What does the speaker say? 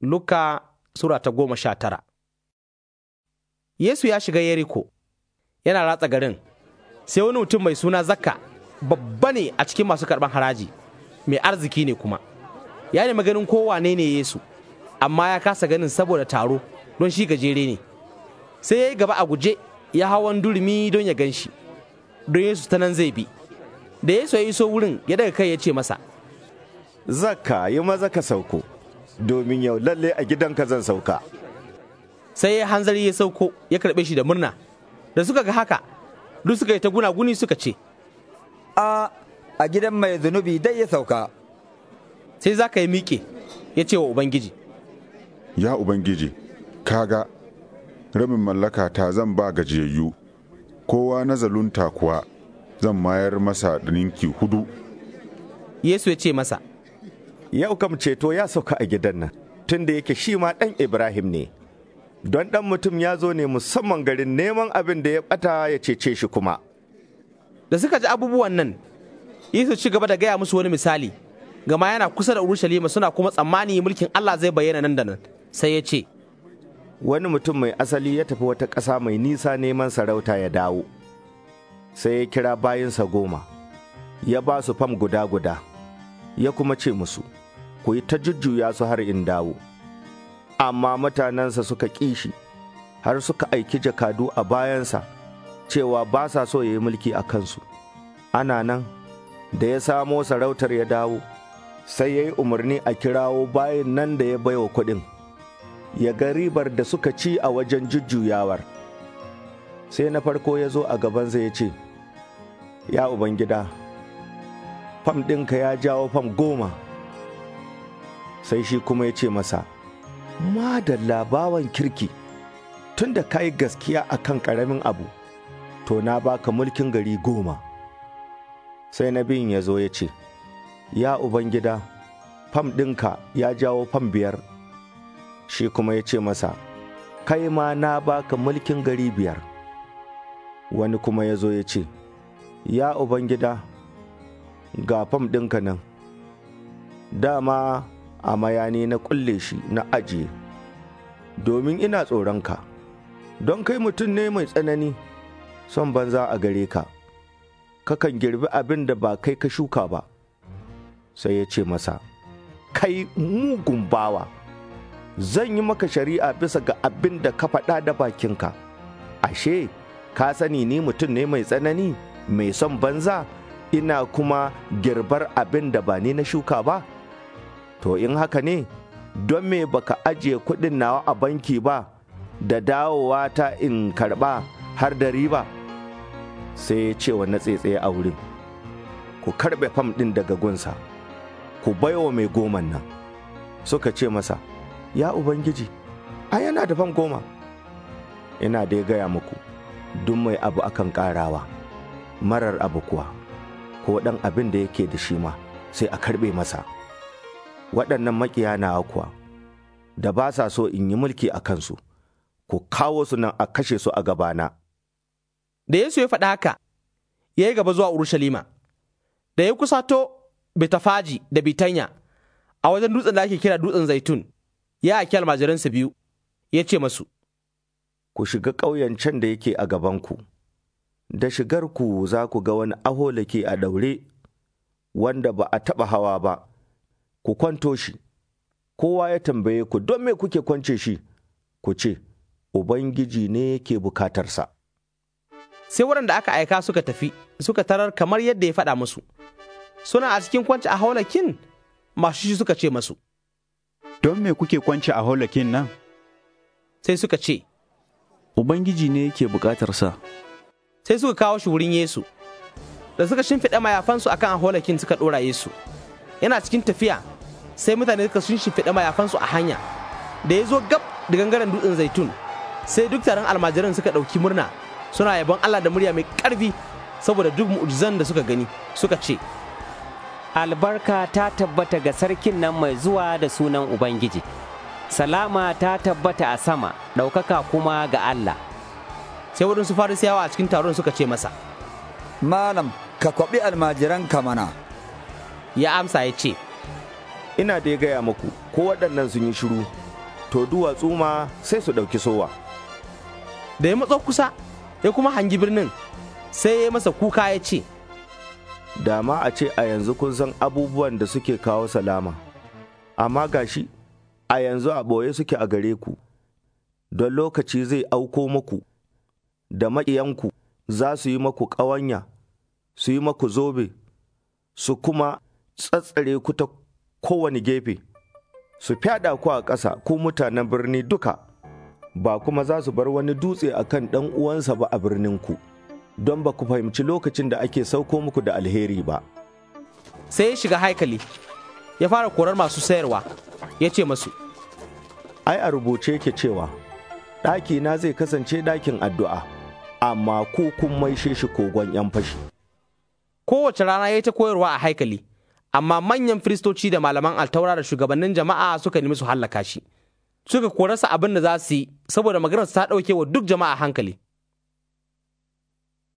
Luka Sura ta goma sha tara Yesu ya shiga Yeriko, yana ratsa garin, sai wani mutum mai suna zakka babba ne a cikin masu karɓar haraji, mai arziki ne kuma. Ya nemi ganin kowane ne Yesu, amma ya kasa ganin saboda taro don shi gajere ne. Sai ya yi gaba a guje ya hawan durumi don ya gan shi, don Yesu ta nan zai bi. Da Yesu ya iso wurin ya daga kai ya ce masa, Zakka yi maza ka sauko. domin yau lalle a gidanka zan sauka. Sai ya hanzari ya sauko ya karɓe shi da murna, da suka ga haka duk suka yi ta gunaguni suka ce, A a gidan mai zunubi dai ya sauka. Sai za ka yi miƙe ya ce wa Ubangiji. Ya Ubangiji, kaga rabin mallaka ta zan ba gajiyayyu, kowa na zalunta kuwa zan mayar masa da ninki hudu. Yesu ya ce masa, yau kam ceto ya sauka a gidan nan tun da yake shi ma ɗan ibrahim ne don ɗan mutum ya zo ne musamman garin neman abin da ya ɓata ya cece shi kuma da suka ji abubuwan nan yesu ci gaba da gaya musu wani misali gama yana kusa da urushalima suna kuma tsammani mulkin allah zai bayyana nan da nan sai ya ce wani mutum mai asali ya tafi wata ƙasa mai nisa neman sarauta ya dawo sai ya kira bayinsa goma ya ba su fam guda-guda ya kuma ce musu ku yi ta jujjuya su har in dawo. Amma mutanensa suka ƙi har suka aiki jakadu a bayansa, cewa ba sa so ya yi mulki a kansu. Ana nan, da ya samo sarautar ya dawo, sai ya yi umarni a kirawo bayan nan da ya baiwa kuɗin, ya ga ribar da suka ci a wajen jujjuyawar. Sai na farko ya zo a gabansa ya ce, Ya Ubangida, fam ɗinka ya jawo fam goma. sai shi kuma ya ce masa da labawan kirki tun da ka yi gaskiya a kan ƙaramin abu to na baka mulkin gari goma sai na biyun ya zo ya ce ya ubangida fam ɗinka ya jawo fam biyar shi kuma ya ce masa kai ma na baka mulkin gari biyar wani kuma ya zo ya ce ya ubangida ga fam ɗinka nan dama a mayani na kulle shi na ajiye domin ina tsoronka don kai mutum ne mai tsanani son banza a gare ka kakan girbi abin da ba kai ka shuka ba sai ya ce masa kai mugun bawa zan yi maka shari'a bisa ga abin da ka faɗa da bakinka ashe ka sani ni mutum ne mai tsanani mai son banza ina kuma girbar abin da ba ni na shuka ba to in haka ne don me baka ajiye kuɗin nawa a banki ba da dawowa ta in karɓa har da riba sai ya ce na tsaitsaye a wurin ku karɓe fam ɗin daga gunsa ku baiwa mai goman nan suka ce masa ya ubangiji a yana da fam goma ina dai gaya muku duk mai abu akan ƙarawa marar abu kuwa ko ɗan abin da yake da shi ma sai a karɓe masa. waɗannan makiya na kuwa da ba sa so in yi mulki a kansu, ku kawo su nan a kashe su a gabana. Da Yesu ya faɗa haka, ya yi gaba zuwa Urushalima, da ya kusato Betafaji da Bitanya a wajen dutsen da ake kira dutsen zaitun, ya aki almajiransa biyu, ya ce masu, Ku shiga ƙauyen can da yake a gabanku, da shigarku za ku ga wani aholake a ɗaure, wanda ba a taɓa hawa ba. ku kwanto shi, kowa ya tambaye ku don me kuke kwance shi, ku ce, Ubangiji ne ke bukatarsa. Sai waɗanda aka aika suka tafi, suka tarar kamar yadda ya faɗa musu, suna a cikin kwanci a haulakin masu shi suka ce masu. Don me kuke kwanci a haulakin nan? Sai suka ce, Ubangiji ne yake bukatarsa. Sai suka kawo shi wurin Yesu, da suka shimfiɗa mayafansu akan holakin suka ɗora Yesu. Yana cikin tafiya sai mutane suka sun shimfiɗa mayafansu a hanya da ya zo gab da gangaren dutsen zaitun sai duk taron almajiran suka ɗauki murna suna yabon allah da murya mai ƙarfi saboda duk mu'ujizan da suka gani suka ce albarka ta tabbata ga sarkin nan mai zuwa da sunan ubangiji salama ta tabbata a sama ɗaukaka kuma ga allah sai waɗansu farisiyawa a cikin taron suka ce masa malam ka kwaɓi almajiran kamana ya amsa ya ce ina da ya gaya muku ko waɗannan sun yi shiru to duwatsu ma sai su ɗauki sowa da ya matso kusa ya kuma hangi birnin sai ya masa kuka ya ce dama a ce a yanzu kun san abubuwan da suke kawo salama amma gashi a yanzu a ɓoye suke a gare ku don lokaci zai auko muku da maƙiyanku za su yi maku ƙawanya su yi maku zobe su kuma tsatsare ku ta kowane gefe, su fyaɗa ku a ƙasa ko mutanen birni duka, ba kuma za su bar wani dutse a kan ɗan uwansa ba a birninku, don ba ku fahimci lokacin da ake sauko muku da alheri ba. Sai ya shiga haikali, ya fara korar masu sayarwa, ya ce masu. Ai a rubuce ke cewa, ɗaki na zai kasance ɗakin addu'a, amma ko kun maishe shi kogon 'yan fashi. Kowace rana ya ta koyarwa a haikali. amma manyan firistoci da malaman altaura da shugabannin jama'a suka nemi su hallaka shi suka korasa abin da za su yi saboda maganar ta ɗauke wa duk jama'a hankali